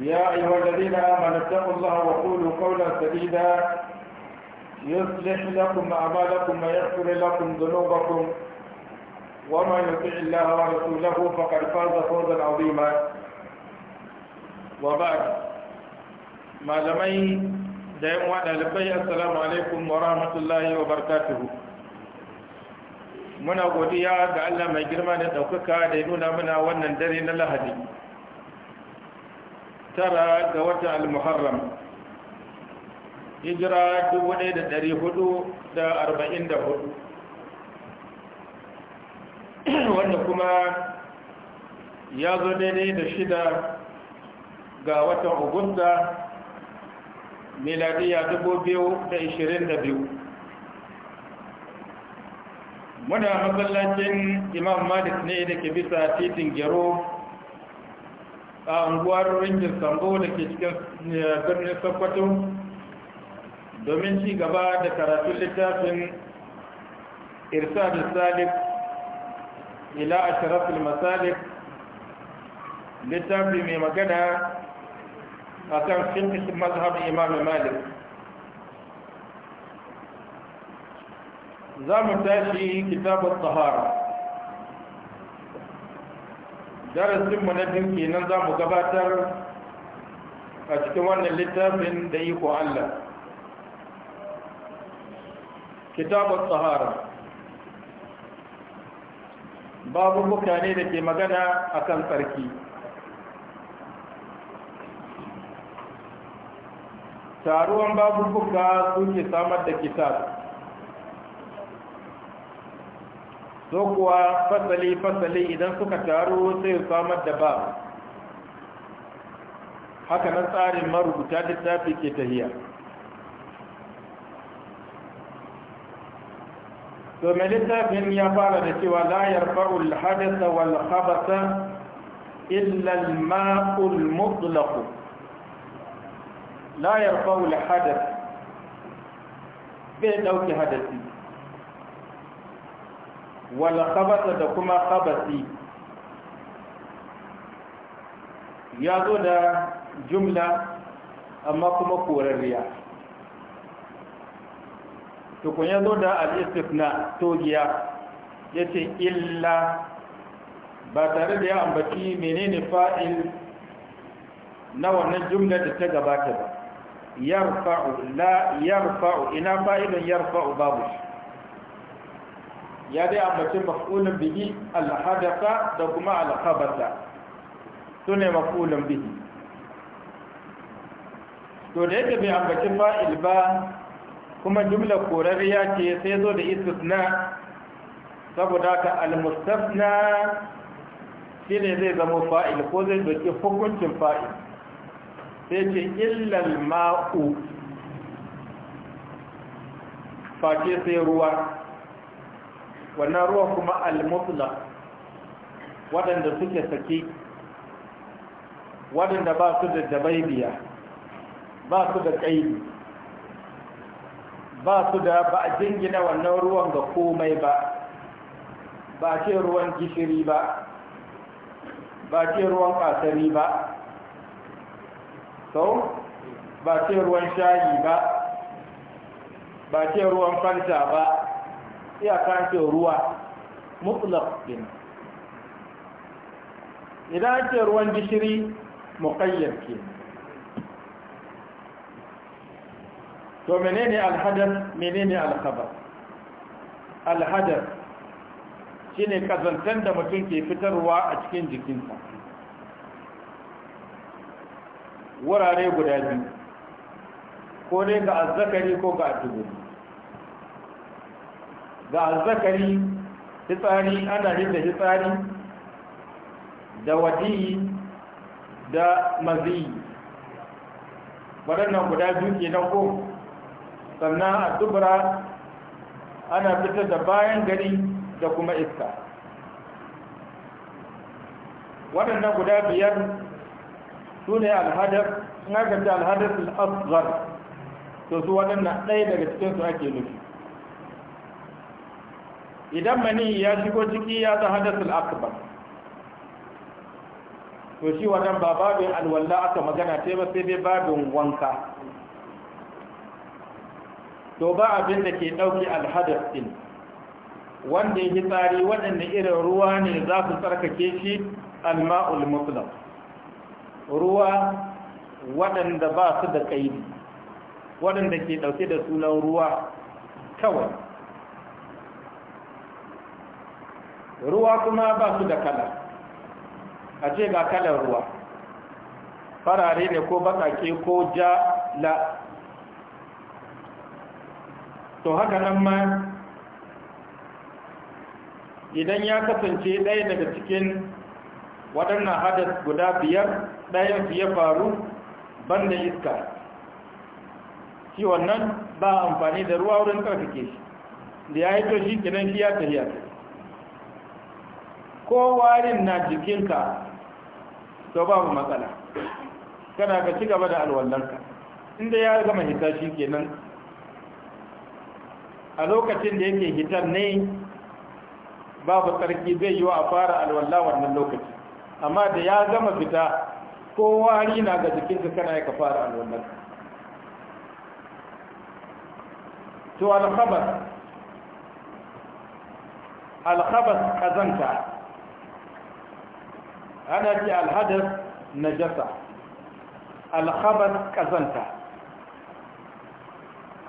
يا أيها الذين آمنوا اتقوا الله وقولوا قولا سديدا يصلح لكم أعمالكم ويغفر لكم ذنوبكم ومن يطع الله ورسوله فقد فاز فوزا عظيما وبعد ما لمي دائما وانا لبي السلام عليكم ورحمة الله وبركاته muna godiya ga Allah mai girma da ɗaukaka da ya nuna mana wannan dare na Lahadi tara ga wata al-muharram hijira 1444 wanda kuma ya zo daidai da shida ga watan augusta miladiya 2022 muna masallacin imam malik ne da ke bisa titin gero a unguwar ringin sambo da ke cikin eh, birnin sokoto domin ci gaba da karatun littafin da Salif, ila a sharafin masalik littafi mai magana a kan cikin mazhabin imam malik za mu tashi kitabun tahara darasinmu na biyu kenan za mu gabatar a cikin wannan littafin da yi ko Allah kitabar tsahara. babu mutane da ke magana a kan tsarki taruwan babu buka suke samar da kitab so kuwa fasali fasali idan suka taru sai samar da ba haka nan tsarin marubuta littafi ke tahiya to mai littafin ya fara da cewa layar fa’ul hadasa wal khabatha illal ma'ul mutlaku layar fa’ul hadasa bai dauki hadasi wala khabata da kuma khabasi ya zo da jumla amma kuma korarriya tukun ya zo da na togiya ya ce illa ba tare da ya ambaci menene fa'il na wannan jumla da ta gabata ba yarfa'u la yarfa'u ina fa'ilun yarfa'u babu shi ya dai ambaci maf'ulun bihi al-hadatha da kuma al-khabatha sune maf'ulun bihi to da yake bai ambaci fa'il ba kuma jumla korariya ce sai zo da istisna saboda ka al-mustafna shine zai zama fa'il ko zai dauki hukuncin fa'il sai ce illal ma'u face sai ruwa wannan ruwan kuma al-mutlaq waɗanda suke sake waɗanda ba su da dabaibiya ba su da ƙaidi ba su da ba a jingina wannan ruwan ga komai ba ba ce ruwan gishiri ba ba ce ruwan ƙasari ba sau ba ce ruwan shayi ba ba ce ruwan fanta ba kan ce ruwa mutlaq din idan ce ruwan gishiri muqayyad ke to menene alhadath menene alkhabar alhadath shine kazantar da mutum ke fitarwa a cikin jikinsa wurare guda biyu ko dai ga azzakari ko ga atubuli ga azzakari fitsari ana yin da fitsari da wadiyi da maziyi waɗannan guda biyu ke nan ko sannan a dubura ana fitar da bayan gari da kuma iska waɗannan guda biyar su ne alhadar in aka ce alhadar al'asgar to su waɗannan ɗaya daga cikinsu ake nufi idan mani ya shigo ciki ya ta hadasul akbar to shi wannan ba babin alwala aka magana ce ba sai dai babin wanka to ba abin da ke ɗauki alhadar ɗin wanda ya tsari waɗanda irin ruwa ne za su tsarkake shi alma'ul mutlaq ruwa waɗanda ba su da ƙaidi waɗanda ke ɗauke da sunan ruwa kawai ruwa kuma ba su da kala a ce ga kalar ruwa farare ne ko baƙaƙe ko ja la to haka nan ma idan ya kasance ɗaya daga cikin waɗannan hadas guda biyar ɗayan su ya faru banda iska shi wannan ba amfani da ruwa wurin ƙarfake shi da ya yi to shi kinan shi ya tafiya ko warin na jikinka to babu matsala kana ka ci gaba da alwallonka. inda ya gama hita shi kenan a lokacin da yake hitar ne babu tsarki zai yi wa a fara alwallon wannan lokaci amma da ya gama fita ko wari na ga jikinka kana ya ka fara alwallonka. to al alkhabar kazanta ana ce alhadas najasa alhaban kazanta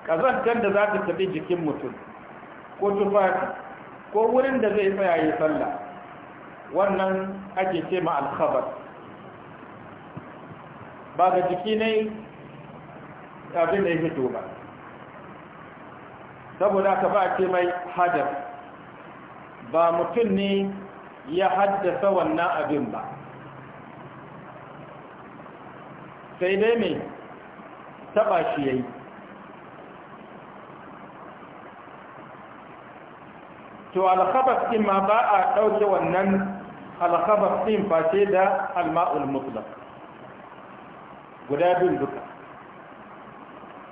kazantar da za ta tafi jikin mutum ko tufafi ko wurin da zai tsaya ya sallah wannan ake ce ma alhabar ba ga jiki ne abin da ya fito ba saboda ka ba ce mai hadar ba mutum ne ya haddasa wannan abin ba sai dai mai taba shi ya yi to alkhabas din ma ba a ɗauke wannan alkhabas ɗin face da alma'ul mutlaq guda bin duka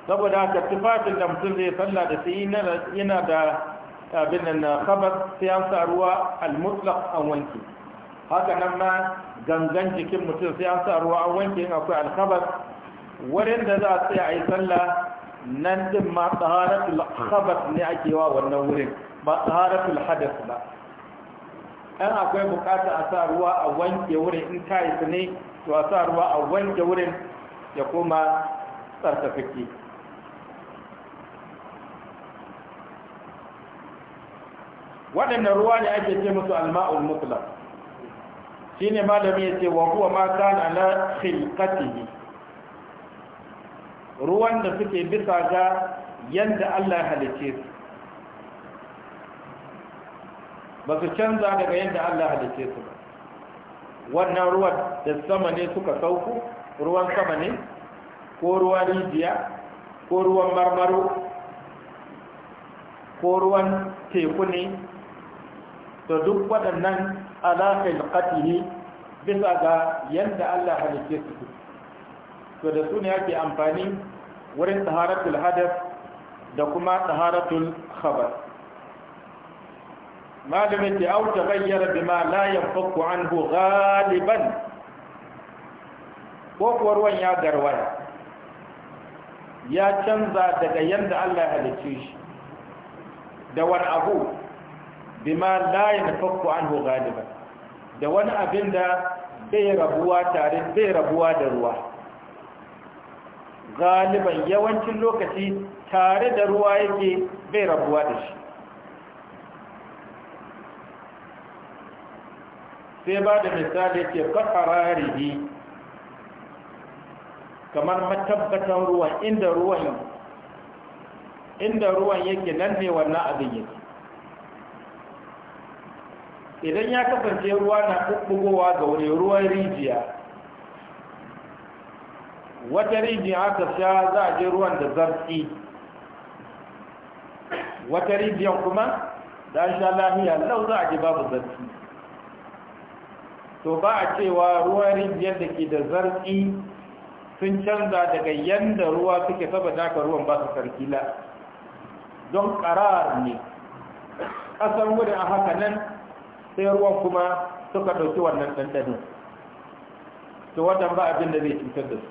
saboda haka tufafin da mutum zai salla da sai yana da abin nan na khabar sai an sa ruwa al-mutlaq an wanke haka nan ma gangan jikin mutum sai an sa ruwa an wanke in akwai al wurin da za a tsaya a yi sallah nan din ma taharatul khabar ne ake wa wannan wurin ba taharatul hadath ba an akwai bukata a sa ruwa a wanke wurin in ka yi ne to a sa ruwa a wanke wurin ya koma tsarkakakke waɗannan ruwa ne ake ce musu alma'ul mutlaq shine malami ya ce wa huwa ma kana ala khilqatihi ruwan da suke bisa ga yanda Allah ya halice su ba su canza daga yanda Allah ya halice su ba wannan ruwan da sama ne suka sauku ruwan sama ne ko ruwan rijiya ko ruwan marmaro ko ruwan teku ne Da duk waɗannan ala khalqatihi bisa ga yanda Allah halice su to da su ne ake amfani wurin taharatul hadath da kuma taharatul khabar malamin da au taghayyara bima la yanfaku anhu ghaliban ko ruwan ya garwaya ya canza daga yanda Allah halice shi da wani abu bima la yanfakku anhu ghaliban da wani abin da bai rabuwa tare bai rabuwa da ruwa galiban yawancin lokaci tare da ruwa yake bai rabuwa da shi sai ba da misali ke kafararihi kamar matabbatan ruwan inda ruwan inda ruwan yake nan ne wannan abin yake idan ya kasance ruwa na ɓuɓɓugowa ga wani ruwan rijiya wata rijiya aka sha za a je ruwan da zartsi wata rijiyan kuma da sha lahiya lau za a je babu zarfi to ba a cewa ruwan rijiyar da ke da zartsi sun canza daga yadda ruwa suke saba daga ruwan ba su sarkila don karar ne ƙasar wurin a haka nan sai ruwan kuma suka ɗauki wannan ɗanɗanin to wata ba abin da zai cutar da su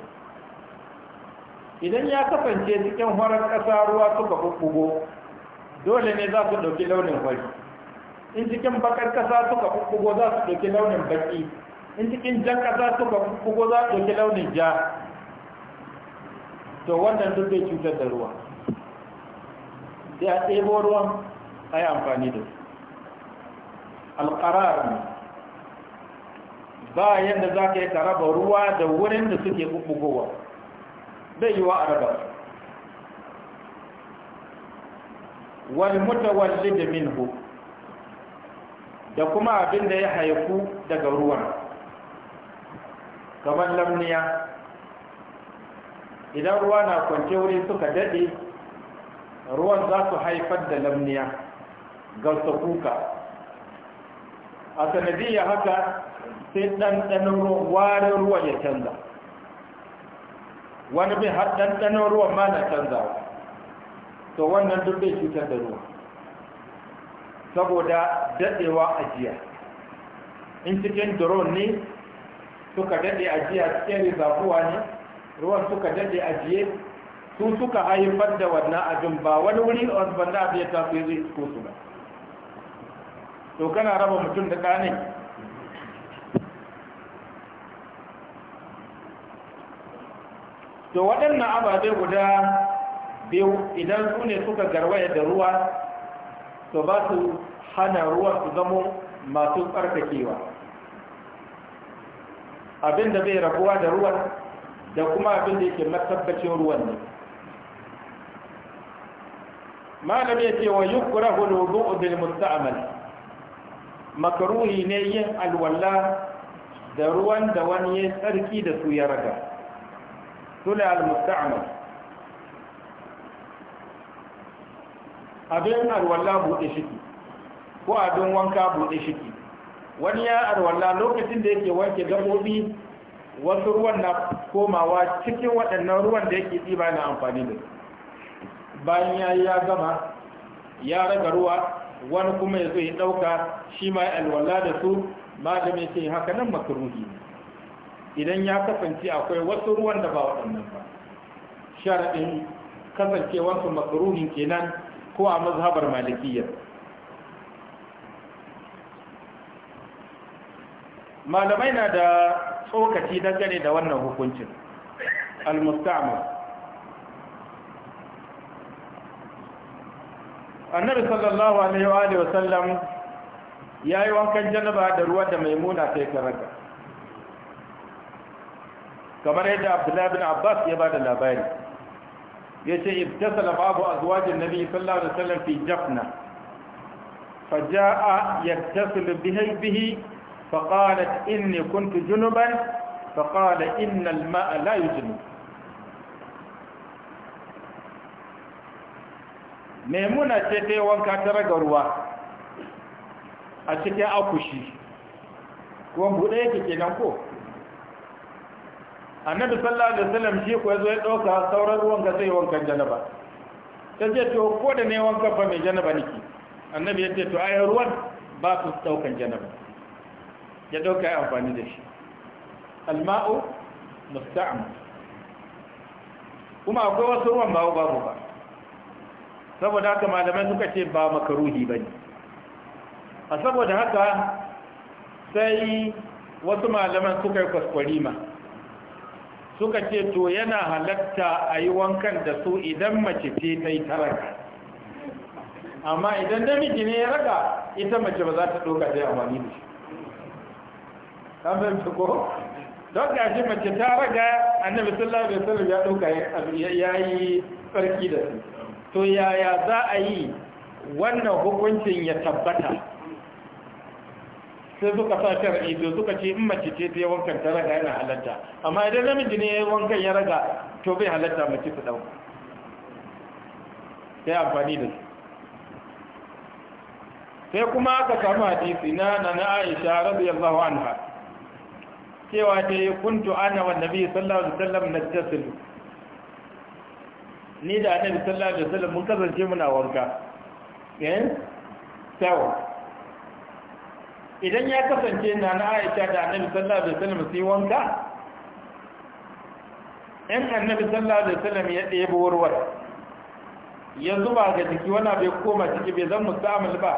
idan ya kasance cikin horar ƙasa ruwa suka bubbugo dole ne za su ɗauki launin fari in cikin bakar ƙasa suka bubbugo za su ɗauki launin baki in cikin jan ƙasa suka bubbugo za su ɗauki launin ja to wannan duk zai cutar da ruwa sai a ɗebo ruwan a yi amfani da su alƙarar ba yadda za ka yi karaba ruwa da wurin da suke ɓuɓɓugowa bai yi wa araba wal da minhu da kuma abin da ya haifu daga ruwan kamar lamniya idan ruwa na kwance wuri suka daɗe ruwan za su haifar da lamniya ga kuka a sanadiyya haka sai ɗanɗanin warin ruwan ya canza wani bin har ɗanɗanin ruwan ma na canza, to wannan duk bai cutar da ruwa saboda daɗewa ajiya in cikin drone ne suka daɗe ajiya cikin rizafuwa ne ruwan suka daɗe ajiye su suka haifar da wannan abin ba wani wuri wanda abin ya tafi zai su ba to kana raba mutum da ɗane to waɗannan ababe guda biyu idan su ne suka garwaya da ruwa to ba su hana ruwa su zamo masu tsarkakewa da bai rabuwa da ruwan da kuma abin da yake matabbacin ruwan ne malam ya ce wa yukrahu al-wudu'u bil musta'mal makaruhi ne yin alwala da ruwan da wani ya tsarki da su ya raga sule al-musta'mal abin alwala buɗe shiki ko abin wanka buɗe shiki wani ya alwala lokacin da yake wanke gabobi wasu ruwan na komawa cikin waɗannan ruwan da yake tsiba na amfani da su bayan ya yi ya gama ya raga ruwa wani kuma ya zo ya ɗauka shi ma alwala da su malamin ce haka nan makaruhi idan ya kasance akwai wasu ruwan da ba waɗannan ba sharaɗin kasancewarsu makaruhin kenan ko a mazhabar malikiyar malamai na da tsokaci dangane da wannan hukuncin al-musta'mal annabi sallallahu alaihi wa alihi wasallam yayi wankan janaba da ruwa da maimuna sai karanta kamar yadda abdullahi bin abbas ya bada labari ya yace ibtasala babu azwajin nabi sallallahu alaihi wasallam fi jafna فجاء يتصل به به فقالت إني كنت جنبا فقال إن الماء لا يجنب maimuna ce ta yi wanka ta raga ruwa a cikin akushi kuma buɗe yake kenan ko annabi sallallahu alaihi wasallam shi ko yazo ya dauka sauran ruwan ga sai wankan janaba ta ce to ko da ne wanka fa mai janaba niki annabi ya ce to ai ruwan ba su daukan janaba ya dauka ya amfani da shi alma'u musta'am kuma akwai wasu ruwan ba babu ba saboda haka malamai suka ce ba makaruhi ba ne a saboda haka sai wasu malaman suka yi kwaskwarima suka ce to yana halatta a yi wankan da su idan mace ce ta yi taraka amma idan namiji ne ya raka ita mace ba za ta doka ta yi amfani da shi kan su ko don ga shi mace ta raga annabi sallallahu alaihi wasallam ya doka ya yi tsarki da su to yaya za a yi wannan hukuncin ya tabbata sai suka sa shar'i to suka ce in mace ce ta wankan ta raga yana halatta amma idan namiji ne ya yi wankan ya raga to bai halatta mace su ɗauka sai amfani da su sai kuma aka samu hadisi na na aisha radiyallahu anha cewa ta yi kuntu ana wa nabi sallallahu alaihi wasallam najjasilu ni da annabi sallallahu alaihi wasallam mun kasance muna wanka eh tawa idan ya kasance na na Aisha da annabi sallallahu alaihi wasallam sai wanka in annabi sallallahu alaihi wasallam ya ɗebo warwar ya zuba ga jiki wannan bai koma ciki bai zan musamman ba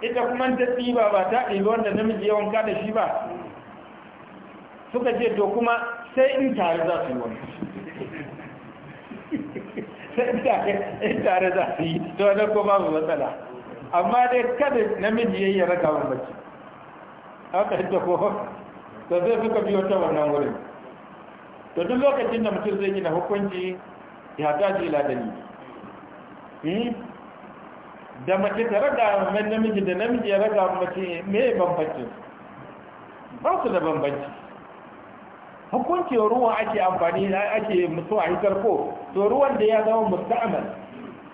ita kuma ta tsiba ba ta ɗebi wanda namiji ya wanka da shi ba suka ce to kuma sai in tare za su yi wanka tare za su yi to na ko babu matsala amma dai kada namiji ya yi raka wani mace haka ta ko to zai suka biyo ta wannan wurin to duk lokacin da mutum zai gina hukunci ya ta ji ladani hmm? da mace ta raga mai namiji da namiji ya raka wani mace mai bambanci ba su da bambanci hukunci ruwa ake amfani da ake so a hitar ko to ruwan da ya zama musta'mal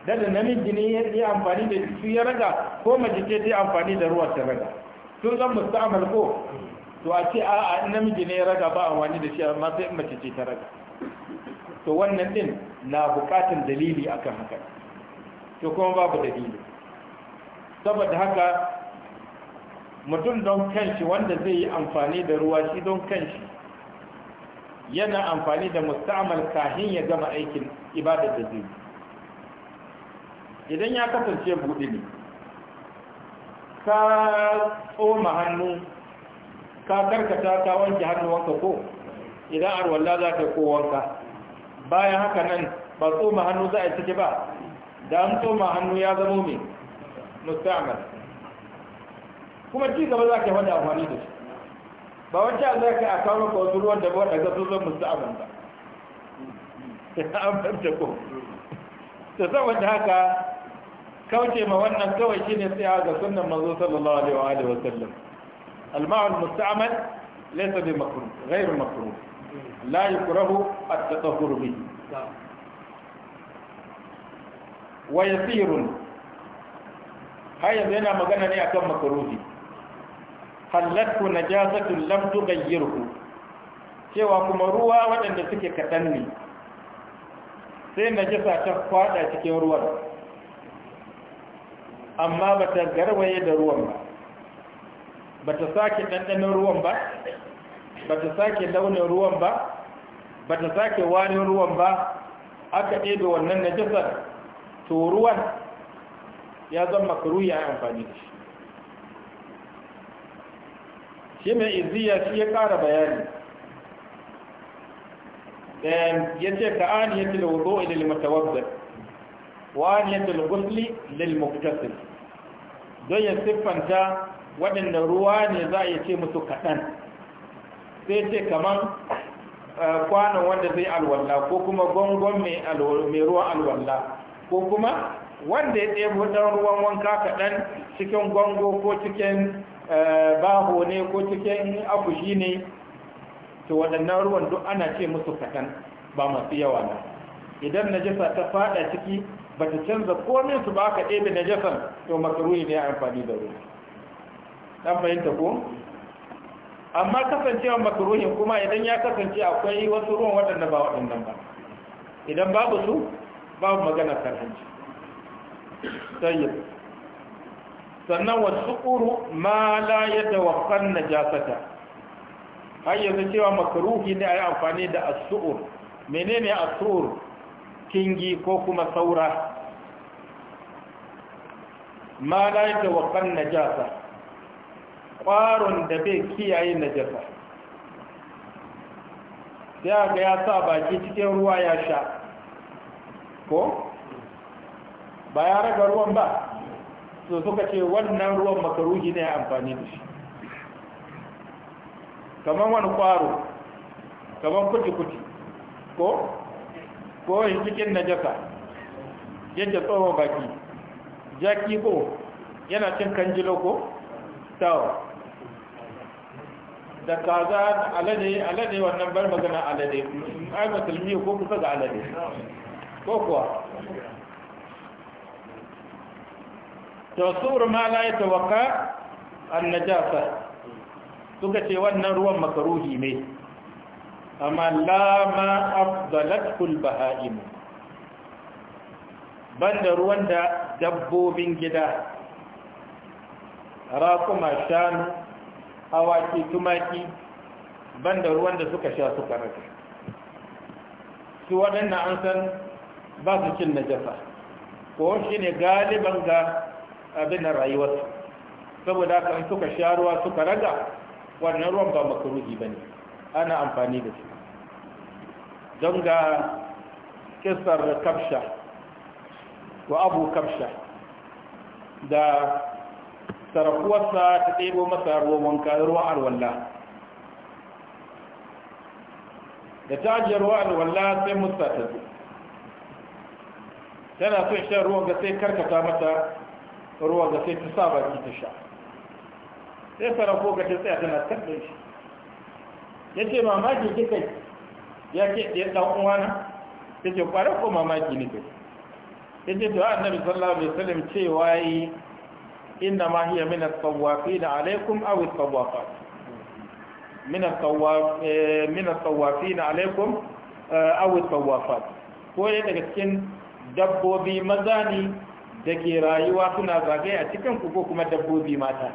da namiji ne ya amfani da su ya raga ko mace ce ta amfani da ruwa ta raga sun zan musta'mal ko to a ce a'a namiji ne ya raga ba amfani da shi amma sai mace ce ta raga to wannan din na bukatun dalili akan haka to kuma babu dalili saboda haka mutum don kanshi wanda zai yi amfani da ruwa shi don kanshi yana amfani da musta'amal kahin ya gama aikin ibadar da zai idan ya kasance buɗe ne ka tsoma hannu ka karkata ka wanke hannuwanka ko idan arwalla za ta ko wanka bayan haka nan ba tsoma hannu za a ciki ba da an tsoma hannu ya zama mai musta'amal. kuma ci gaba za ka yi wani amfani da shi ba wancan za ka a kawo maka wasu ruwan da wadda ga sun zan musu abin ba an fanta ko ta saboda haka kauce ma wannan kawai shine tsaya ga sunnan manzo sallallahu alaihi wa alihi wa sallam al-ma'al musta'mal laysa bi makruh ghayr makruh la yukrahu at-tatahhur bihi wa yasirun har yanzu yana magana ne akan makaruhi na najasatun lamtu tughayyirhu cewa kuma ruwa waɗanda suke kaɗan ne sai na najasa ta faɗa cikin ruwan amma ba ta garwaye da ruwan ba ba ta sake ɗanɗanin ruwan ba ba ta sake launin ruwan ba ba ta sake warin ruwan ba aka ɗebe wannan na najasar to ruwan ya zama karu ya amfani da shi shi mai izziya shi ya ƙara bayani ya ce ka an yi til wudu ilil matawazzir wa an yi til gusli lil don ya siffanta waɗanda ruwa ne za a yi ce musu kaɗan sai ce kamar eh, kwanon wanda zai alwalla ko kuma gongon mai ruwan alwalla ko kuma wanda ya ɗebo ɗan ruwan wanka kaɗan cikin gongo ko cikin Eh, baho ne ko cikin akushi ne to waɗannan ruwan duk ana ce musu katan ba masu yawa na idan najasa ta fada ciki ba ta canza komin su ba ka ɗebe najasan to makaruhi ne amfani da ruwa ɗan fahimta ko amma kasancewa makaruhin kuma idan ya kasance akwai wasu ruwan waɗanda ba waɗannan ba idan babu su babu magana karhanci sayyid sannan wasukuru ma la na jasata har yanzu cewa makaruhi ne a yi amfani da asu'u'r menene asu'u'r kingi ko kuma saura ma la na najasa ƙwaron da bai kiyaye na najasa sai ga ya sa baki cikin ruwa ya sha ko ba ya raga ruwan ba so suka ce wannan ruwan makaruhi ne amfani da shi kamar wani kwaro kamar kuti-kuti ko ko cikin jasa, yadda tsohon baki jaki ko yana cin kanjilo ko tawa da kaza alade alade wannan bar magana alade ai musulmi ko kusa ga alade ko kuwa tasur ma la yatawqa an-najasa suka ce wannan ruwan makaruhi ne amma la ma afdalat kul bahaim banda ruwan da dabbobin gida rakuma shanu awaki tumaki banda ruwan da suka sha suka rage su waɗannan an san ba su cin najasa ko shi ne galiban ga abin nan rayuwarsu saboda haka in suka sha ruwa suka raga wannan ruwan ba makaruhi ba ne ana amfani da su don ga kisar kafsha wa abu kafsha da sarakuwarsa ta ɗebo masa ruwan wanka ruwan alwallah da ta ajiye ruwan alwallah sai Musa ta zo tana son shan ruwan ga sai karkata mata Ruwa da sai ta sa baki ta sha sai farafo ga ta tsaya tana kaɗe shi ya ce mamaki kika ya ce ya ɗan uwana ya ce ƙwarar ko mamaki ne kai ya ce to annabi sallallahu alaihi wasallam ce yi inna ma hiya min as-sawafin alaikum aw as-sawafat min as-sawaf eh, min as-sawafin alaikum eh, aw as-sawafat ko ne daga cikin dabbobi maza ne da ke rayuwa suna zagaye a cikin ku ko kuma dabbobi mata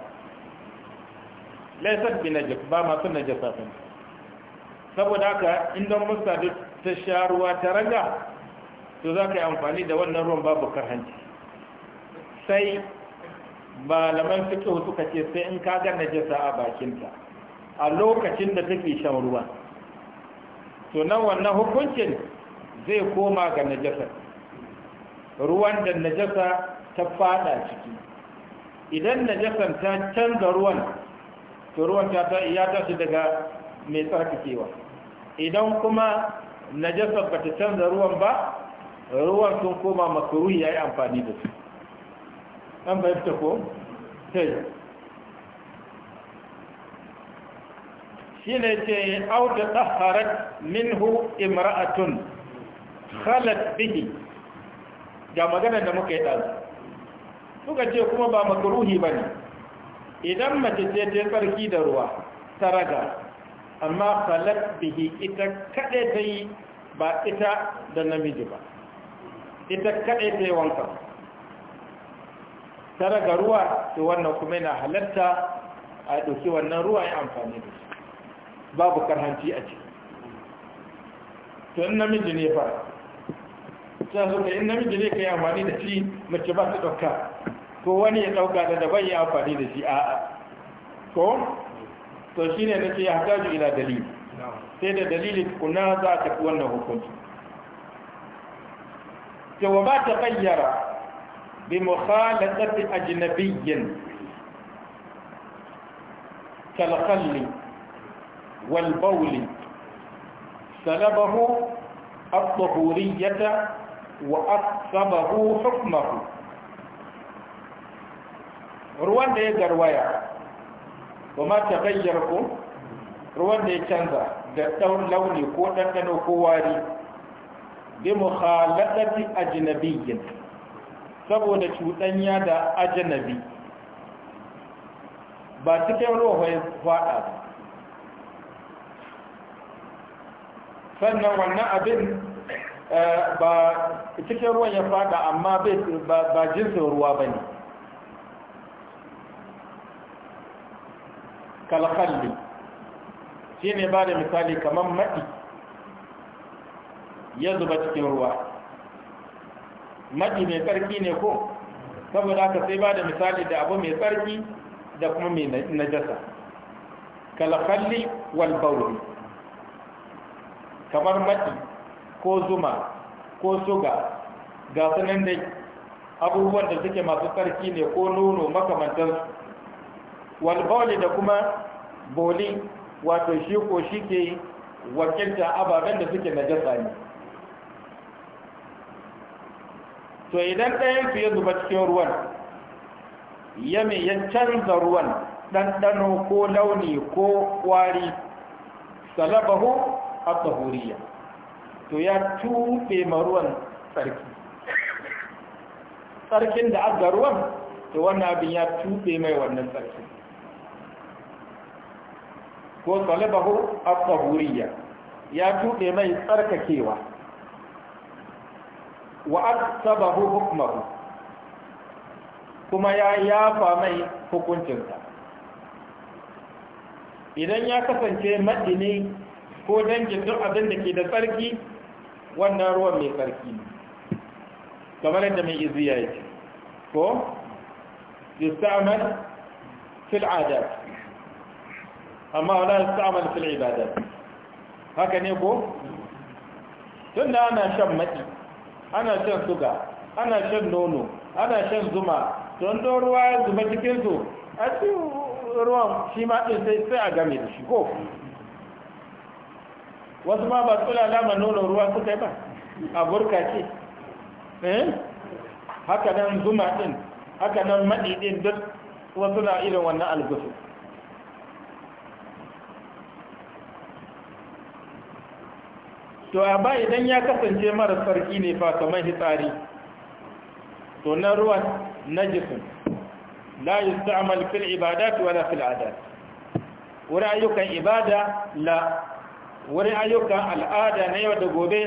laisar bi najas ba masu najasa sun saboda haka inda don duk ta sha ruwa ta raga to za ka yi amfani da wannan ruwan babu karhanci sai malaman fikihu suka ce sai in ka ga najasa a bakinta a lokacin da take shan ruwa to nan wannan hukuncin zai koma ga najasar ruwan da najasa ta fada ciki idan najasan ta canza ruwan to ruwan ta ya tashi daga mai tsarkakewa idan kuma najasa ba ta canza ruwan ba ruwan sun koma makaruhi ya yi amfani da su an bai ta ko? sai shi ne ce auta tsaharar minhu imra'atun khalat bihi ga maganar da muka yi ɗazu suka ce kuma ba makaruhi ba ne idan mace ce ta tsarki da ruwa ta raga amma falat bihi ita kaɗe ta yi ba ita da namiji ba ita kaɗe ta yi wanka ta raga ruwa to wannan kuma yana halatta a ɗauki wannan ruwa ya amfani da shi babu karhanci a ciki Tun namiji ne fara. sai zo in namiji ne kai amfani da shi mace ba ta dauka ko wani ya ɗauka da daban ya amfani da shi a'a ko to shine ce ya hajaju ila dalili sai da dalili kuna za ta fi wannan hukunci to wa ba ta qayyara bi mukhalatati ajnabiyyin kalkalli, khalli wal bawli سلبه الطهورية Wa وأقسمه حكمه ruwan da ya garwaya ba ma ta gayyar ko ruwan da ya canza da ɗan launi ko ɗanɗano ko wari bi mukhalatati ajnabiyyin saboda cuɗanya da ajnabi ba cikin ruwa ya faɗa ba. sannan wannan abin Eh, ba cikin ruwan ya fada amma ba jinsin ruwa ba ne kalkalli shi ne ba da misali kamar maɗi ya zuba cikin ruwa maɗi mai tsarki ne ko saboda aka sai ba da misali da abu mai tsarki da kuma mai najasa kalkalli wal bauri kamar maɗi ko zuma ko suga ga sanan da abubuwan da suke masu tsarki ne ko nono makamantar walbauli da kuma boli wato shi ko shi ke wakilta ababen da suke najasa ne to idan su ya zuba cikin ruwan ya mai ya canza ruwan ɗanɗano ko launi ko ƙwari salabahu a tsahuriya to ya tuɓe maruwan tsarki tsarkin da aka ruwan to wannan abin ya tuɓe mai wannan tsarki ko salabahu al-tahuriyya ya tuɓe mai tsarkakewa wa aksabahu hukumahu. kuma ya yafa mai hukuncinsa idan ya kasance maɗini ko dangin duk abin da ke da tsarki wannan ruwan mai tsarki kamar yadda mai iziya yake ko yustamal fil adat amma wala fil ibadat haka ne ko tun da ana shan mati ana shan suga ana shan nono ana shan zuma don don ruwa ya zuba cikin su a ruwan shi ma ɗin sai a game da shi ko wasu ma ba tsula lama nonon ruwa suka yi ba a burka ce eh? haka nan zuma ɗin haka nan maɗi ɗin duk wasu na irin wannan algusu to a ba idan ya kasance mara sarki ne fa kamar hitsari to na ruwa Na jisun la yusta'mal fil ibada, wala fil adat wuri ayyukan ibada la wurin ayyukan al'ada na yau da gobe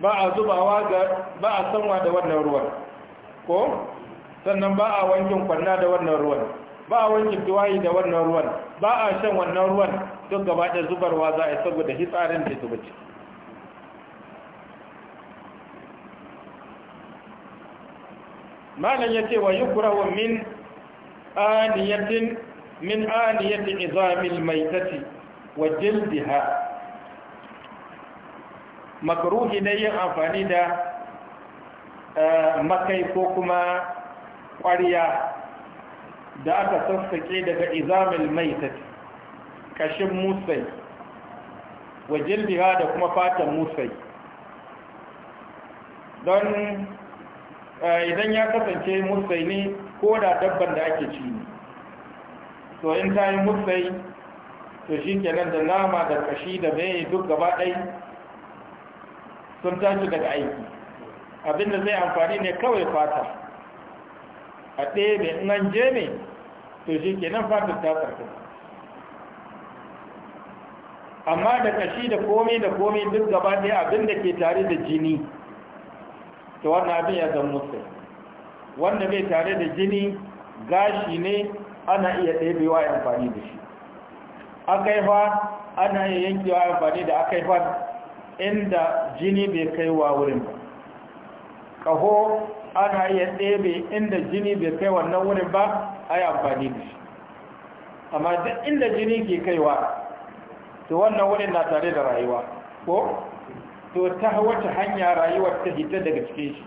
ba a zubawa ga ba a sanwa da wannan ruwan ko sannan ba a wankin kwanna da wannan ruwan ba a wankin tuwayi da wannan ruwan ba a shan wannan ruwan duk gaba da zubarwa za a yi saboda hitsarin da zuba ciki malam ya ce wa yi min aniyatin min aniyatin izamil maitati wa jildiha makaruhi na yin amfani da eh, makai ko kuma ƙwariya da aka sassaƙe daga izamil maitat kashin musai wa biya da kuma fatan musai don eh, idan ya kasance musai ne ko da dabban da ake ci ne to in ta yi musai to shi kenan da nama da kashi da mai duk gaba ɗai sun tashi daga aiki abinda zai amfani ne kawai fata a ɗaya ne in an je ne to shi ke nan fatar ta tsarki amma da ƙashi da komai da komai duk gaba ɗaya abinda ke tare da jini to wannan abin ya zan musu wanda bai tare da jini gashi ne ana iya ɗebewa amfani da shi akaifa ana iya yankewa amfani da akaifan inda jini bai kaiwa wurin ba ƙaho ana iya ɗebe inda jini bai kai wannan wurin ba a yi amfani da shi amma duk inda jini ke kaiwa to wannan wurin na tare da rayuwa ko to ta wata hanya rayuwar ta hita daga cikin shi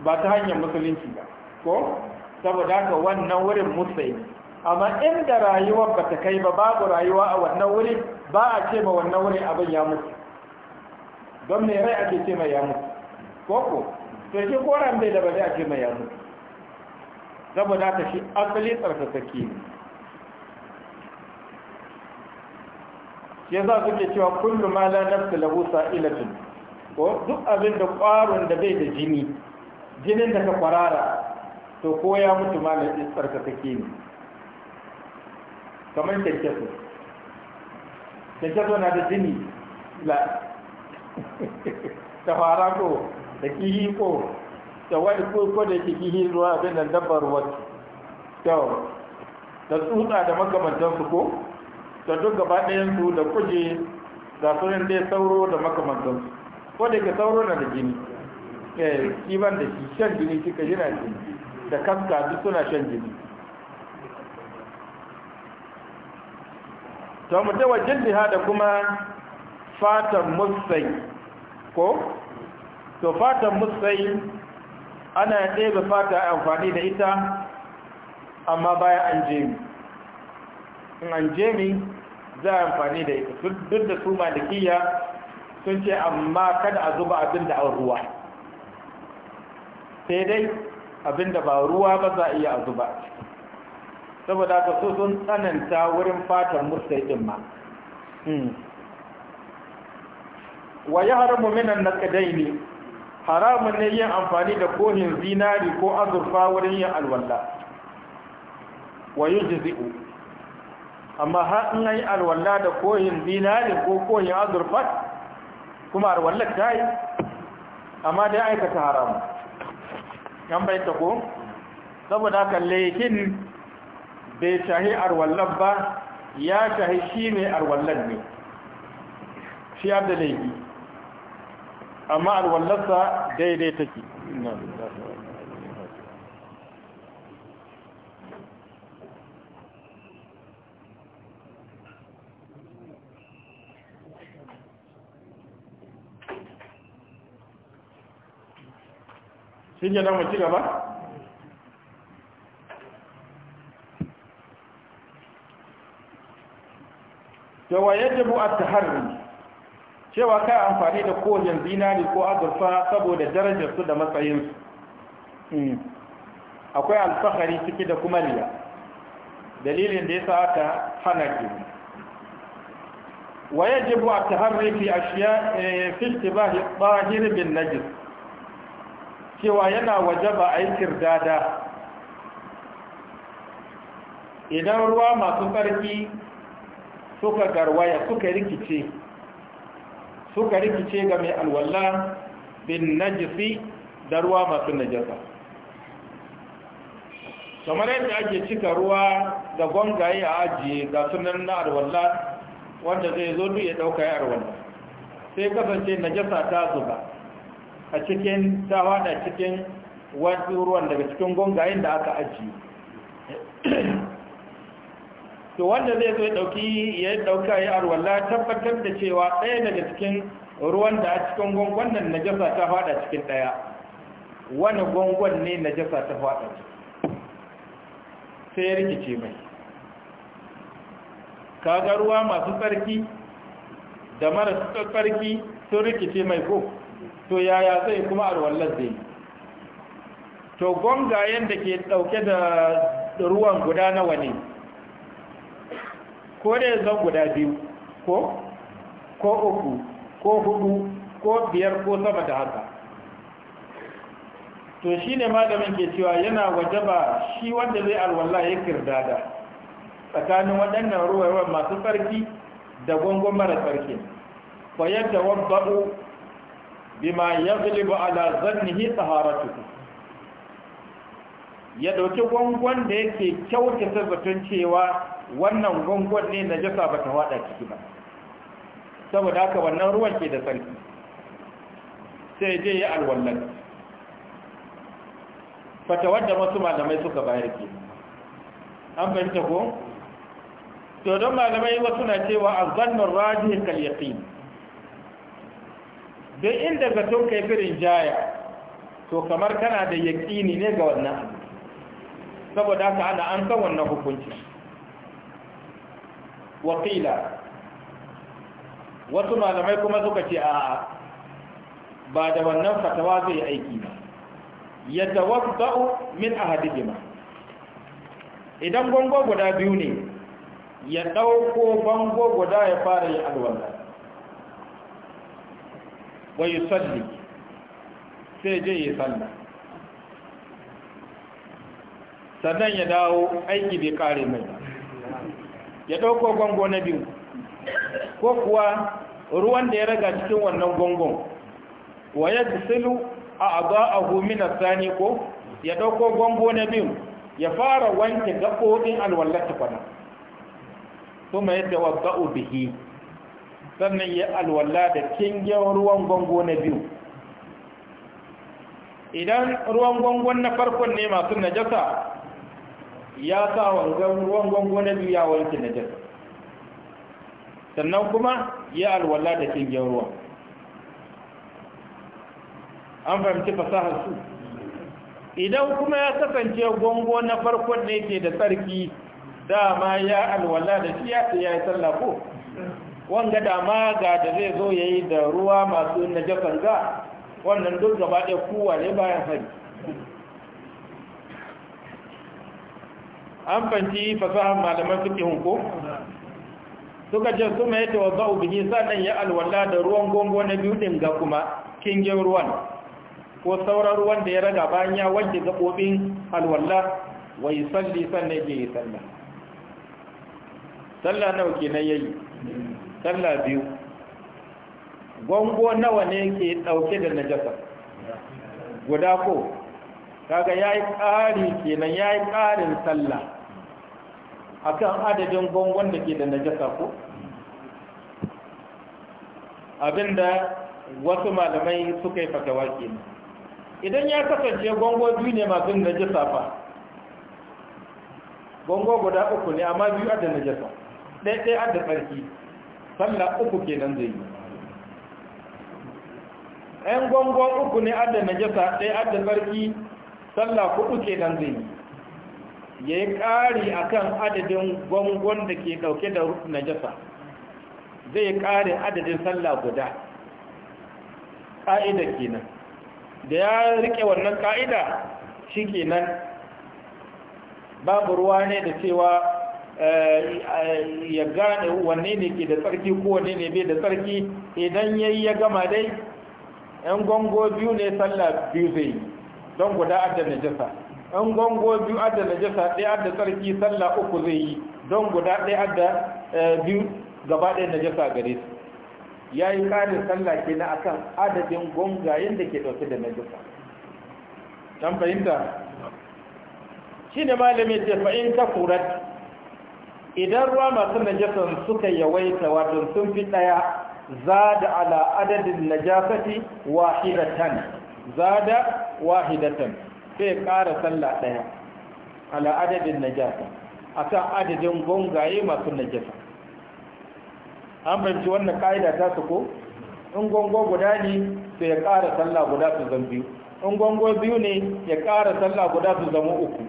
ba ta hanyar musulunci ba ko saboda haka wannan wurin musayi amma inda rayuwar ba ta kai ba babu rayuwa a wannan wurin ba a ce ma wannan wurin abin ya mutu don mai rai ake ce mai ya mutu ko ko sai shi koran bai da ba zai ce mai ya mutu saboda ta shi asali tsarkakake ne shi yasa suke cewa kullum ma la nafsu lahu sa'ilatun ko duk abin da kwaron da bai da jini jinin da ka kwarara to ko ya mutu ma na tsarkakake ne kamar kyakkyasu kyankyaso na da jini la ta fara ko da kihi ko da wani ko da kihi ruwa abin nan dabbar wasu kyau da tsutsa da su ko da duk gaba su da kuje da sunan dai sauro da su ko da ke sauro na da jini eh kiban da shi shan jini suka na jini da kaska duk suna shan jini to wajen jiha da kuma fatan musai ko to fatan musai ana ɗebe fata amfani da ita amma bayan an jemi in an jemi za a amfani da ita duk da su malikiya sun ce amma kada a zuba abin da a ruwa sai dai abin da ba ruwa ba za a iya a zuba saboda ka so sun tsananta wurin fatar mursaidin ma hmm. wa ya haramu minan na ne haramun ne yin amfani da kohin zinari ko azurfa wurin yin alwallah wa yi jizi'u amma haɗin yi alwallah da kohin zinari ko kohin azurfa kuma alwallah ta yi amma dai aikata haramu. yan bai ta ko saboda haka laifin bai tahi arwallan ba ya tahi shi ne arwallan ne shi da laifi amma arwallarsa daidai take shi ne mu ci gaba? cewa a ta taharri cewa kai amfani da kowane zinari ko azurfa saboda darajar su da matsayin su hmm. akwai alfahari ciki da kuma liya dalilin da ya sa aka hana ke wa a ta taharri fi ya eh, fi ba zahir hirbin najis cewa yana waje ba aikin dada idan ruwa masu tsarki suka garwaya suka rikice suka rikice ga mai alwala bin najisi da ruwa masu najasa kamar yadda ake cika ruwa da gwangaye a ajiye ga sunan na alwala wanda zai zo duk ya dauka ya alwala sai kasance najasa ta zuba a cikin ta wada cikin wani ruwan daga cikin gwangayen da aka ajiye to wanda zai zo ya dauki ya dauka ya arwalla tabbatar da cewa ɗaya daga cikin ruwan da a cikin gongon nan najasa ta fada cikin ɗaya wani gongon ne najasa ta fada sai ya rikice mai kaga ruwa masu tsarki da marasa tsarki sun rikice mai ko to yaya zai kuma arwallar zai to gongayen da ke dauke da ruwan guda nawa ne ko da ya zan guda biyu ko ko uku ko hudu ko biyar ko sama da haka to shi ne malamin ke cewa yana waje ba shi wanda zai alwala ya kirdada tsakanin waɗannan ruwan masu tsarki da gungun mara tsarki ko yadda wabba'u bima ya zulibu ala zannihi tsaharatuku ya ɗauki gungun da yake kyautata zaton cewa wannan gongon ne na jasa ba ta wada ciki ba saboda haka wannan ruwan ke da sarki sai je ya alwallan Fata wadda wasu malamai suka bayar ke an fahimta ko? to don malamai wasu na cewa a zannin rajin kalyaƙi don inda zaton kaifirin jaya to kamar kana da yaƙini ne ga wannan saboda haka ana an san wannan hukunci wakila wasu malamai kuma suka ce a ba da wannan fatawa zai aiki ba yadda wasu min a ahadihima idan bango guda biyu ne ya ɗauko bango guda ya fara yi alwala wa yi salli sai je yi salla sannan ya dawo aiki bai kare mai ya ɗauko gongo na biyu ko kuwa ruwan da ya raga cikin wannan gongon wa ya silu a a min Sani ko ya ɗauko gongo na biyu ya fara wanke gaɓoɓin alwallar tukwana kuma ya ba'u bihi sannan ya alwalla da kingiyar ruwan gongo na biyu idan ruwan gongon na farkon ne masu najasa ya sa ruwan gwango na biyu ya wanke na jasa sannan kuma ya alwala da kingin ruwan an fahimci fasahar su idan kuma ya kasance gwango na farkon ne ke da tsarki dama ya alwala da shi ya ya yi sallako wanga dama ga da zai zo ya yi da ruwa masu najasan ga wannan duk gaba ɗaya kowa ne bayan hari an fanci fasahar malaman suke hunko suka ce su mai tawazza'u bihi sa ya alwala da ruwan gongo na biyu din ga kuma kingin ruwan ko sauran ruwan da ya raga bayan ya wanke gaɓoɓin alwala wai salli sannan ke yi sallah sallah nawa ke na yayi sallah biyu gongo nawa ne ke ɗauke da najasa guda ko kaga yi ƙari kenan ya yi ƙarin sallah akan adadin gongon da ke da najasa ko abinda wasu malamai suka yi fatawa ne. idan ya kasance gongo biyu ne masu najasa fa gongo guda uku ne amma biyu adda najasa ɗaya ɗaya adda tsarki sallah uku kenan zai yi ɗayan gongon uku ne adda najasa ɗaya adda tsarki sallah kuɗu kenan zai yi ya yi ƙari a kan adadin gwangon da ke ɗauke da najasa zai ƙari adadin sallah guda ƙa'ida kenan da ya riƙe wannan ƙa'ida shi kenan babu ruwa ne da cewa eh, ya gane wanne ne ke da tsarki ko wanne ne bai da tsarki idan ya yi ya gama dai 'yan gwango biyu ne sallah biyu zai yi don guda adadin najasa an gongo biyu adda najasa ɗaya adda tsarki sallah uku zai yi don guda ɗaya adda eh, biyu gaba ɗaya najasa gare su ya yi ƙarin sallah ke na akan adadin gongayen da ke ɗauke da najasa an fahimta shi ne malamin ce fa'in ta kurat idan ruwa masu najasan suka yawaita wato sun fi ɗaya zada ala adadin najasati wahidatan zada wahidatan sai ya ƙara sallah ɗaya ala adadin najasa a kan adadin gongaye masu najasa an fahimci wannan ƙa'ida ta su ko in gongo guda ne sai ya ƙara sallah guda su zan biyu in gongo biyu ne ya ƙara sallah guda su zama uku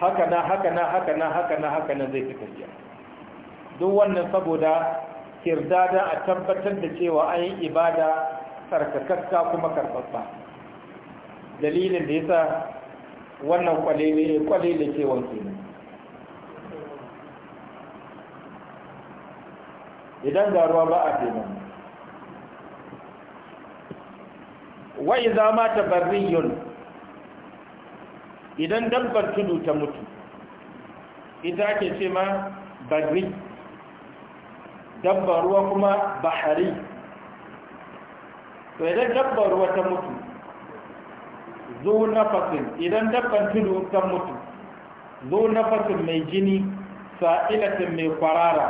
haka na haka na haka na haka na haka na zai fi tafiya duk wannan saboda kirdada a tabbatar da cewa an yi ibada tsarkakakka kuma karɓaɓɓa dalilin da yasa wannan kwale da ke wanke ne idan da ruwa ba a wai wa idza barin yun, idan dabbar tudu ta mutu ita ke ce ma barri dabbar ruwa kuma bahari to idan dabbar ruwa ta mutu ذو نفس إذا دفن تلو تموت ذو نفس من جني سائلة من قرارة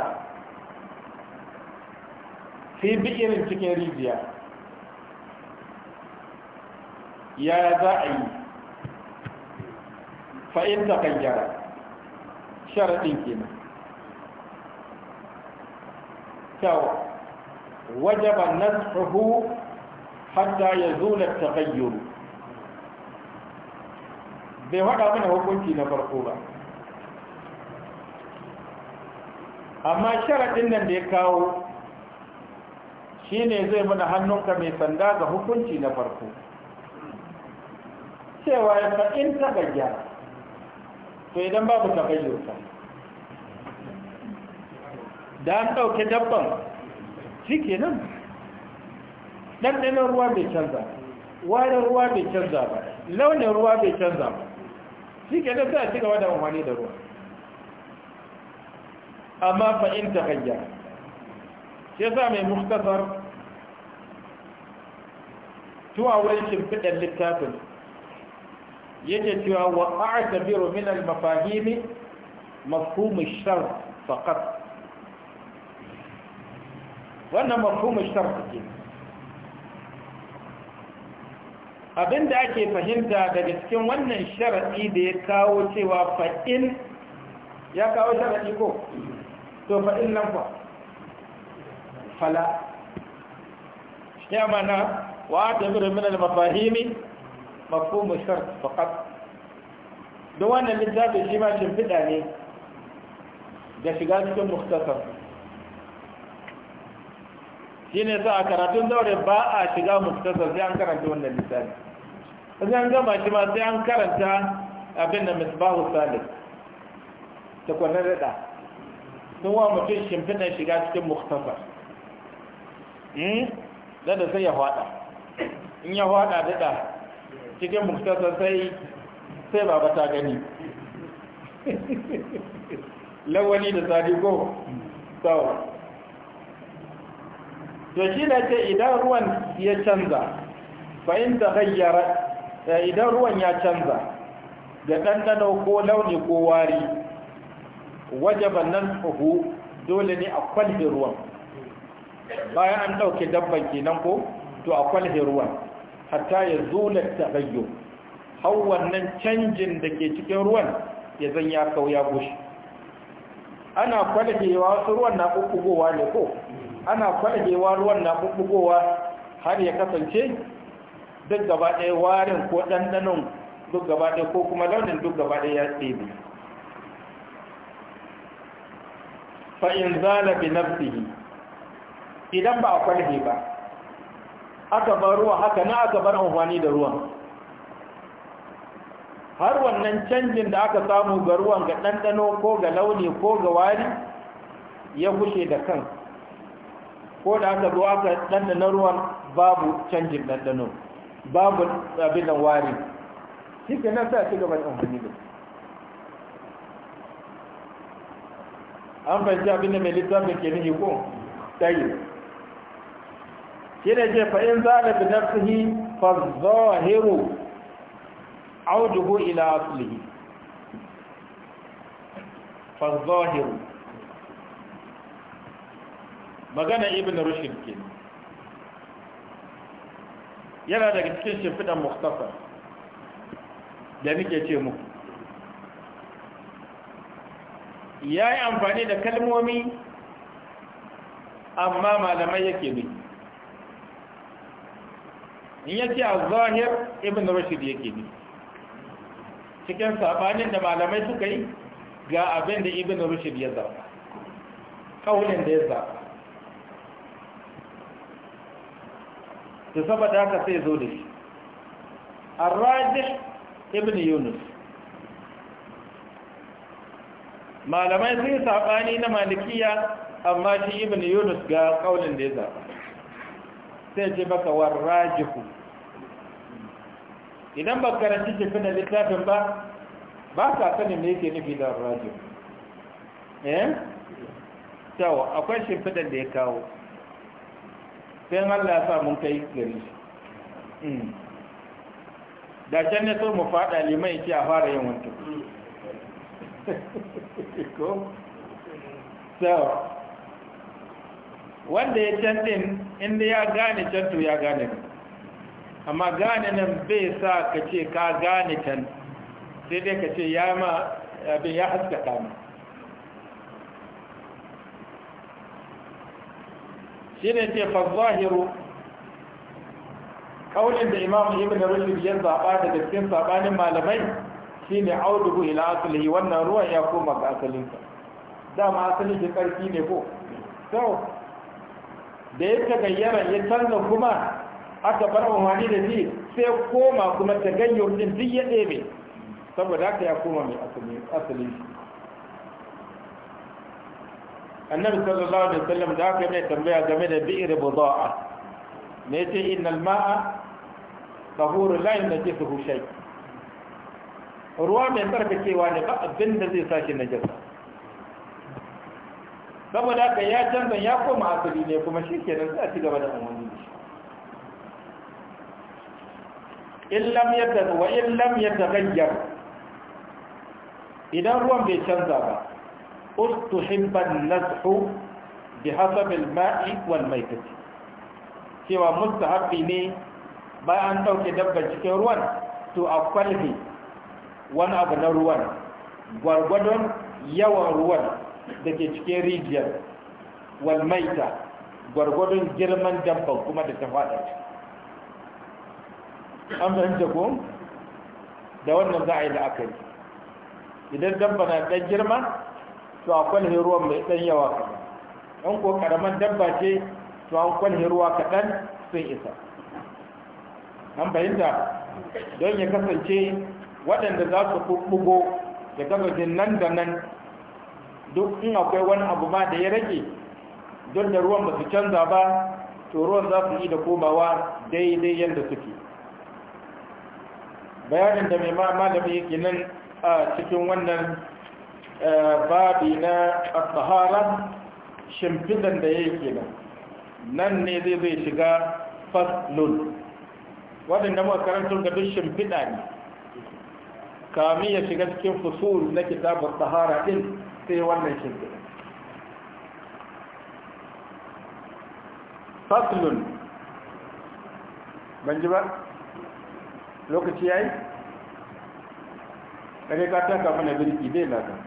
في بئر تكن يا داعي فإن تغير شرطي كنا تو وجب نسحه حتى يزول التغير bai faɗa mana hukunci na farko ba amma sharaɗin nan da ya kawo shine zai mana hannunka mai sanda ga hukunci na farko cewa ya fa'in taɓa to idan babu taɓa da an ɗauke dabban shi ke nan ɗanɗanen ruwa bai canza warin ruwa bai canza ba launin ruwa bai canza ba shi ke nan za a ci gaba da amfani da ruwa amma fa'in ta hanya shi sa mai muktasar tuwa wurin shimfiɗar littafin yake cewa wa a tabiru min al-mafahimi mafhumin shar faqat wannan mafhumin shar ke abin da ake fahimta daga cikin wannan sharaɗi da ya kawo cewa fa'in ya kawo sharaɗi ko to fa'in nan fa fala ya mana wa ta biri minar mafahimi mafhumu shar faqat don wannan littafi shi ma shimfiɗa ne da shiga cikin muktasar shi ne sa a karatun daure ba a shiga muktasar sai an karanta wannan littafi. in an gama shi ma sai an karanta abin da misbahu salif ta kwanar rada sun wa mutum na shiga cikin muktasar hmm? da sai ya faɗa, in ya hwada daɗa cikin muktasar sai sai baba ta gani lawani da sadiko sau to shi na ce idan ruwan ya canza fahimta hayyara Eh, idan ruwan ya canza da ɗanɗano ko launi ko wari wajaban nan uhu dole ne a kwalhe ruwan bayan an ɗauke dabban kenan ko to a kwalhe ruwan hatta ya zula tabayyo har wannan canjin da ke cikin ruwan ya zan ya kau ya gushi ana kwalhewa wasu ruwan na ɓuɓɓugowa ne ko ana kwalhewa ruwan na ɓuɓɓugowa har ya kasance duk gaba ɗaya warin ko ɗanɗanon duk gaba ɗaya ko kuma launin duk gaba ɗaya ya tsebe fa'in zala bi nafsihi idan ba a kwalhe ba aka bar ruwa haka na aka bar amfani da ruwan har wannan canjin da aka samu ga ruwan ga ɗanɗano ko ga launi ko ga wari ya gushe da kan ko da aka zo aka ɗanɗana ruwan babu canjin ɗanɗano babu abin nan wari shi ke nan sa ci gaba da amfani da an fahimci abin da mai littafin ke nihi ko tayi shi ne ce fa'in za da na suhi fa zahiru auduhu ila aslihi fa zahiru magana ibn rushd kenan yana daga cikin shimfiɗan muktasar da muke ce muku ya yi amfani da kalmomi amma malamai yake bi in yake a zahir ibn rashid yake bi cikin sabanin da malamai suka yi ga abin da ibn rashid ya zaɓa ƙaunin da ya zaɓa to saboda haka sai zo da shi arrajih ibn yunus malamai sun yi saɓani na malikiya amma shi ibn yunus ga ƙaunin da ya zaba sai ce baka warrajihu idan ba karanci jikin da littafin ba ba ka sanin da yake nufi da rajihu eh? kyau akwai fidan da ya kawo sai Allah ya sa mun kai gari hmm. da can ne so mu fada liman ce a fara yin wanto ko so wanda ya can din inda ya gane can to ya gane amma gane nan bai sa ka ce ka gane can sai dai ka ce ya ma abin ya haskaka mu shi ne ce fazahiru kaulin da imam ibn rushd ya zaba da cikin sabanin malamai shine audubu ila aslihi wannan ruwan ya koma ga asalinsa dama asali shi karfi ne ko so da ya tagayyara ya canza kuma aka bar umarni da shi sai koma kuma tagayyar din duk ya ɗebe saboda haka ya koma mai asali annabi sallallahu alaihi wasallam da aka mai tambaya game da bi'ir buda'a ne ce innal ma'a tahuru la yanjisuhu shay ruwa mai tsarkakewa ne ba abin da zai sashi najasa saboda haka ya canza ya koma asali ne kuma shi kenan za a ci gaba da umarni in lam yadda wa in lam yadda idan ruwan bai canza ba Ustu al-nazhu bi hasab al-ma'i wal maitat cewa mustahabi ne bayan an dauke dabba cikin ruwan to a wani abu na ruwan gwargwadon yawan ruwan da ke cikin rijiyar wal maita gwargwadon girman dabban kuma da ta faɗa an fahimta ko da wannan za a yi la'akari idan dabba na ɗan girma to a kwalhe ruwan mai ɗan yawa kaɗan in ko ƙaramin dabba ce to an kwalhe ruwa kaɗan sun isa an fahimta don ya kasance waɗanda za su bugo da kasance nan da nan duk in akwai wani abu ma da ya rage don da ruwan ba su canza ba to ruwan za su yi da komawa daidai yadda suke bayanin da mai malami yake nan a cikin wannan babi na tsahara shimfidan da ya ke nan nan ne zai zai shiga faslun waɗanda makarantun ga duk shimfida ne kami ya shiga cikin fusul na kitabar sahara ɗin sai wannan shimfida faslun ban ji ba lokaci ya yi ɗari ka taka na birki dai lagos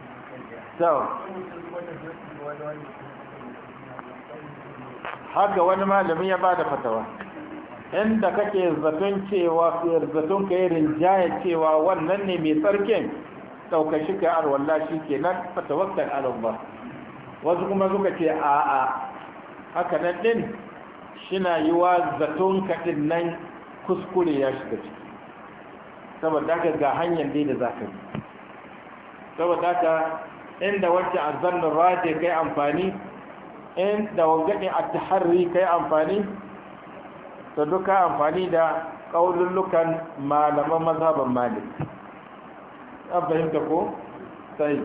haka wani malami ya bada fatawa inda kake zaton cewa zaton ka yi rinjaya cewa wannan ne mai tsarkin ɗauka shi ka arwallah shi ke nan fatawakkal alamba wasu kuma suka ce a'a haka nan ɗin shina yi wa zaton kaɗin nan kuskure ya shiga ciki saboda ga hanyar dai da za ka yi saboda haka inda wacce azannin raje kai amfani inda wangade a taharri kai amfani to duka amfani da kaulullukan malaman mazhaban malik an fahimta ko sai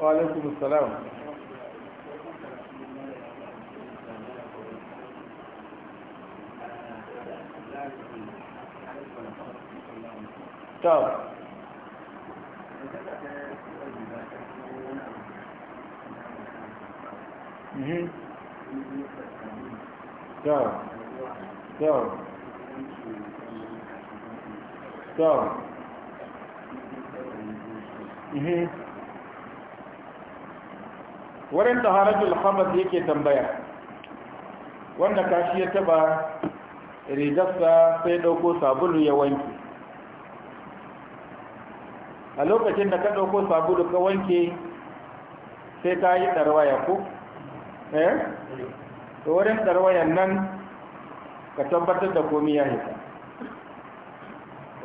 wa alaikum ta Mhm. Mhm. wurin taharatul hamas yake tambaya wanda kashi ya taba rigarsa sai dauko sabulu ya wanke a lokacin da ka ɗauko sabulu ka wanke sai ka yi ɗarwaya ko eh to wurin nan ka tabbatar da komi ya hita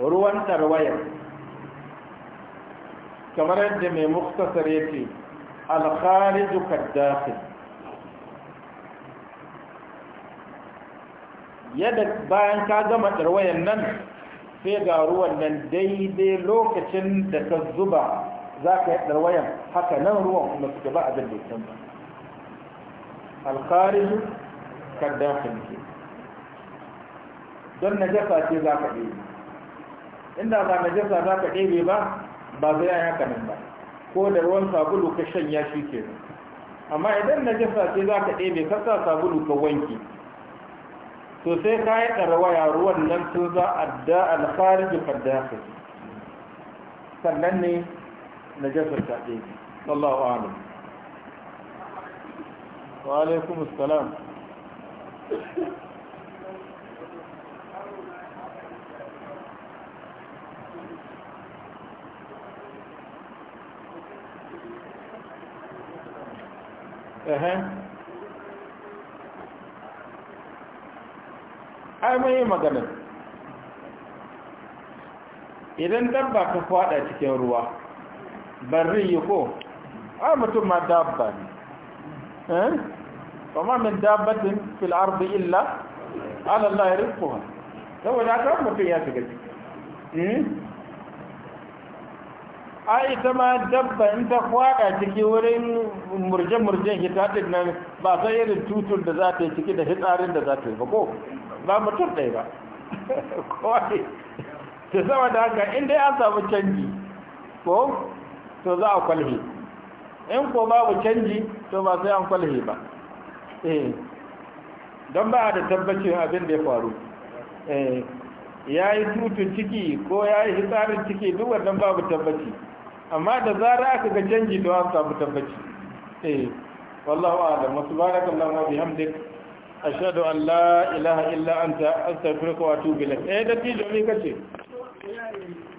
ruwan tsarwayar kamar yadda mai muktasar ya ce alkhariju kaddafi yadda bayan ka gama tsarwayan nan sai ga ruwan nan daidai lokacin da ka zuba za ka yi tsarwayan haka nan ruwan kuma su gaba abin da ya canza alkhariju kaddafin ke don na najasa ce za ka ɗebe inda ba najasa za ka ɗebe ba ba zai yi kanin ba ko da ruwan sabulu ka shanya shi ke amma idan na najasa ce za ka ɗebe ka sa sabulu ka wanke to sai ka yi ɗarawaya ruwan nan sun za a da alkhariju kaddafin sannan ne na najasar ta ɗebe sallahu alam wa alaikum assalam ai mun yi maganin idan dabba ka fada cikin ruwa yi ko ai mutum ma dabba ne kuma min dabbatin fil ardi illa ala Allah ya rizquha saboda mutum ya shiga ciki a ita ma dabba in ta kwada ciki wurin murje-murjen hitadin nan ba sai irin tutun da za ta yi ciki da hitsarin da za ta yi ba ko ba mutum ɗaya ba kawai ta sama da haka inda ya canji ko to za a kwalhe in ko babu canji to ba sai an kwalhe ba eh don ba da tabbacin abin da ya faru eh ya yi tutun ciki ko ya yi hitsarin ciki duk wannan babu tabbaci amma da zara aka ga canji to an samu tabbaci eh wallahu a'lam wa subhanakallahu wa bihamdik ashhadu an la ilaha illa anta astaghfiruka wa atubu ilaik eh da tijo ne kace